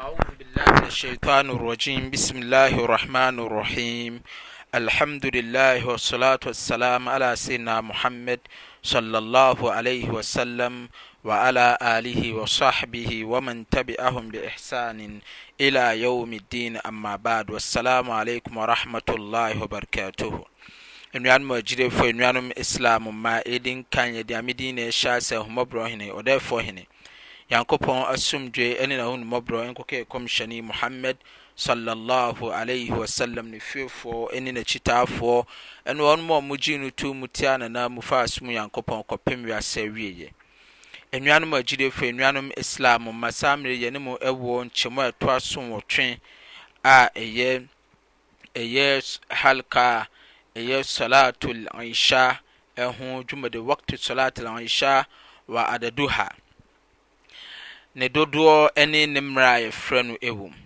aouض biللh الhيطaن الrajim bismiاllah الrhmaنi الrahيm اlhamدuللah wالslaة والسaلam lى سyidiنa mhamad صلى اللh lيه wسlلam wlى lih wصahبih wamantbi'hm beاحsaنin اlى ywm الdين amma bad وaلسalam lيkum وrahmةاللh وabaرkath enwanm we jire fo eanum iسlamu ma edin kanydamidine shase humobro hine oɗefo hine nyankopɔn asomdwe ne n'ahonumɔborɔ nkɔkɛ kɔmhyɛne muhammad sallallahu alaihi wasallam ne fiefoɔ ne n'akyitaafoɔ ɛne wɔn mu a no to mu tia nana mu fa asom nyankopɔn kɔpem wiasɛ wieɛ nnuanom agyidefo nnuanom islam mma saa mmerɛ ne mu ɛwɔ nkyɛmu a asom wɔ twe a ɛyɛ ɛyɛ halka ɛyɛ salatul isha ɛho dwumade wakti salatul isha wa adaduha ne dodoɔ ne ne mmerɛ a yɛfrɛ no ɛwɔ mu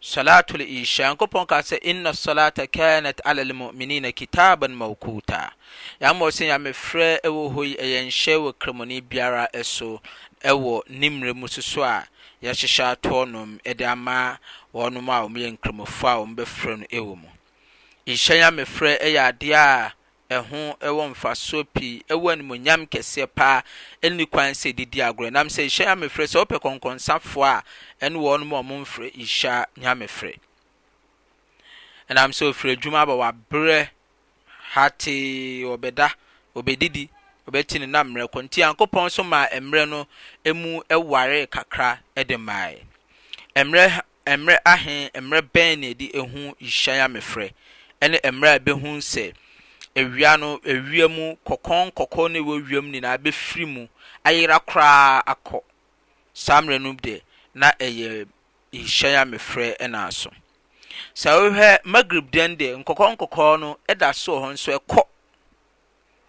salatul isha nkopɔn ka sɛ inna salata kanat ala lmuminina kitaban mawquta ya mo se ya me frɛ ɛwɔ hɔ yi ɛyɛ nhyɛ wɔ kramɔni biara so ɛwɔ mmerɛ mu soso a yɛhyehyɛ atoɔ nom ɛde ama wɔnom a wɔyɛ nkremofo a wɔmbɛfrɛ no ɛwɔ mu nhyɛn a yɛ ɛyɛ adeɛ a ɛho ɛwɔ mfasoɔ pii ɛwɔ animonyam kɛseɛ paa ɛne kwan sɛ didi agorɔ nam sɛ nhyɛ nyamefrɛ sɛ wopɛ kɔnkɔnsafoɔ a ɛne wɔn mu a ɔmo mfrɛ nhyɛ nyamefrɛ ɛnam sɛ ofiri adwuma aba wabrɛ hatee ɔbɛda ɔbɛdidi ɔbɛti ne nam mmerɛ kɔ nti yankopɔn so maa mmerɛ no emu ɛware kakra ɛde maae mmerɛ mmerɛ ahe mmerɛ bɛn na yɛde ehu nhyɛ nyamefrɛ ɛne mmerɛ a ɛbɛhu sɛ ewia no ewia mu kɔkɔn kɔkɔɔ na ɛwɔ ewia mu nyinaa bɛfiri mu ayera koraa akɔ saa mmerɛ no deɛ na ɛyɛ nhyɛn a mefrɛ ɛna so saa ɛhwɛ magrib den deɛ nkɔkɔɔ nkɔkɔɔ no ɛda so wɔ hɔ nso ɛkɔ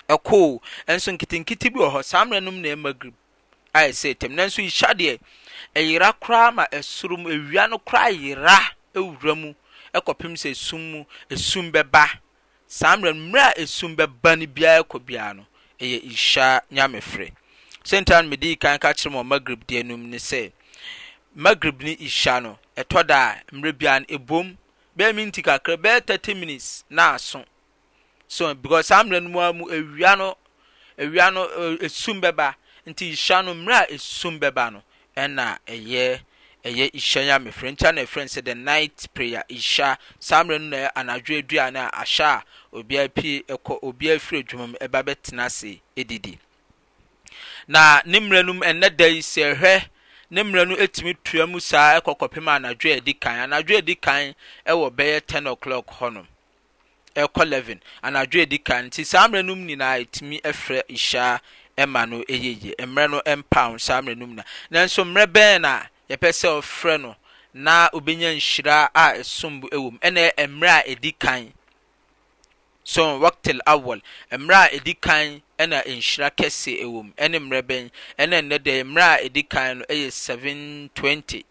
ɛkɔ nso nketenkete bi wɔ hɔ saa mmerɛ no mu na ɛyɛ magrib ayɛ sɛ tɛm nanso ihyɛ deɛ ɛyera koraa ma ɛsoro mu ewia no koraa yera ewura mu ɛkɔpem sɛ esum mu esum bɛba. saa mmerɛ a esum bɛba no biara kɔ biara no ɛyɛ ihya nyamefrɛ sɛnta no mede yi kan ka kyerɛ mu magrib deɛ num ne sɛ magrib ne ihya no ɛtɔ da a mmerɛ biara no ebom bɛyɛ minti kakra bɛyɛ thirty minutes na aso so because saa mmerɛ no mu a ewia no ewia no eh, esum bɛba nti ihya no mmerɛ a esum bɛba no ɛna ɛyɛ ɛyɛ isha yi a mefrɛ nti ana ɛfrɛ sɛ the night prayer isha saa mmerɛ no na anadwo aduane a ahyɛ a obiara pie ɛkɔ obiara firi adwuma mu ɛba bɛtena ase ɛdidi na ne mmerɛ no ɛnɛ da yi sɛ ɛhwɛ ne mmerɛ no etumi tua mu saa ɛkɔ kɔpem anadwo a ɛdi kan anadwo a ɛdi kan ɛwɔ bɛyɛ ten o'clock hɔnom ɛkɔ eleven anadwo a ɛdi kan nti saa mmerɛ no nyinaa etumi ɛfrɛ isha ɛma no ɛyɛ yie mmerɛ no ɛmpa saa mmerɛ no mu na nanso mmerɛ bɛn na yɛpɛ sɛofrɛ no na obenya nhyira a ɛsom bo ɛwo m ɛne mmerɛ a ɛdi kan so woctil owol mmerɛ a ɛdi kan ɛna nhyira kɛseɛ ɛwom ɛne mmerɛ bɛn ɛne nnɛdɛ mmerɛ a ɛdi kan no ɛyɛ 720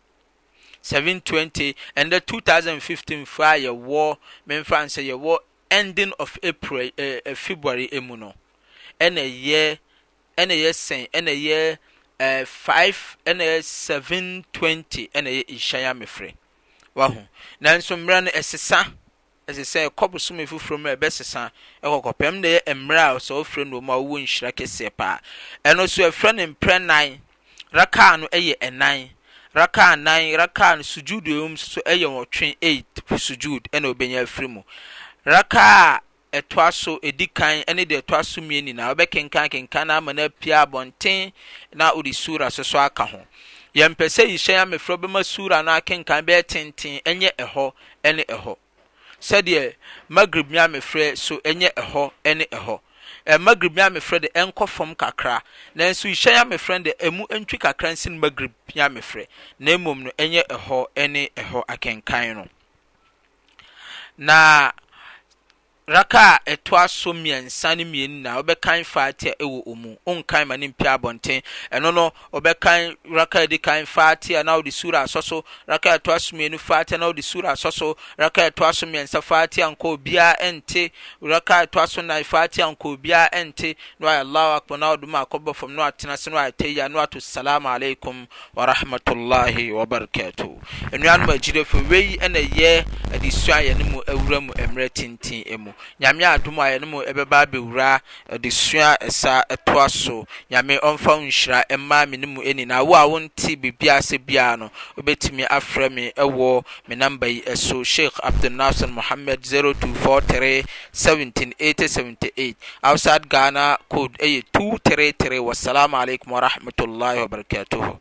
720 ɛndɛ 2015 faa yɛwɔ memfane sɛ yɛwɔ ending of april eh, eh, february mu no ɛyɛyɛ sɛn ɛnyɛ 5 n 720 na yɛ ehianyaame frɛ woaho nanso mmerɛ no ɛsesa ɛsesa ɛkɔbosome foforo mu a bɛsesa kɔkɔpam nayɛ mmerɛ a ɔsɛwo frɛ noɔ m a wowɔ nhyira kɛsiɛ paa ɛno so ɛfirɛ ne mprɛ nan rakar no ɛyɛ nan rakanan rakar no sudjud momusso ɛyɛ wɔtwe ei sudjud na obɛnya afiri mu ak ɛtoa so edi kan ɛne deɛ ɛtoa so mmie nyinaa wobɛkenkan kenkan na ama no apia abɔnten na ɔde sura so so aka ho yɛmpɛ sɛ yihyɛn amefrɛ bɛma sura no akenkan bɛyɛ tenten ɛnyɛ ɛhɔ ɛne ɛhɔ sɛdeɛ magrib mi amefrɛ so ɛnyɛ ɛhɔ ɛne ɛhɔ magrib mi amefrɛ de ɛnkɔ fam kakra Na nanso yihyɛn amefrɛ de ɛmu ntwi kakra nsi no magrib mi amefrɛ na mmom no ɛnyɛ ɛhɔ ɛne ɛhɔ akenkan no na raka a ɛtoa so mmiɛnsa ne mmienu na wɔbɛkan faate a ɛwɔ ɔmu ɔnkan ma ne mpia abɔnten ɛno no wɔbɛkan raka edi kan faate na wɔde sura asɔ so raka ɛtoa so mmienu faate na wɔde sura asɔ so raka ɛtoa so mmiɛnsa faate a obiara ɛnte raka ɛtoa so nan faate a nkɔ obiara ɛnte na wɔayɛ allahu akpɔ na wɔde mu akɔbɔ fam na wɔatena se na wɔayɛ tɛyi na wɔato salaam aleikum wa rahmatulahi wa barakatuh nnuanom agyirefo wei ɛna yɛ adesua yɛn mu awura mu mmerɛ tenten mu nyame adoma yɛno mu ɛbɛba bɛwura desua ɛsa ɛtoa so nyame ɔmfa w nhyira ɛmmaa me no mu aninaa wo a wo nti biribia sɛ biaa no wobɛtumi afrɛ me ɛwɔ me namba yi aso shiiky abdunafsen mohamed 0243 17878 ofsid ghana ko ɛyɛ 2 3e 3e wassalamu aleikum warahmatullahi wabarakatuhu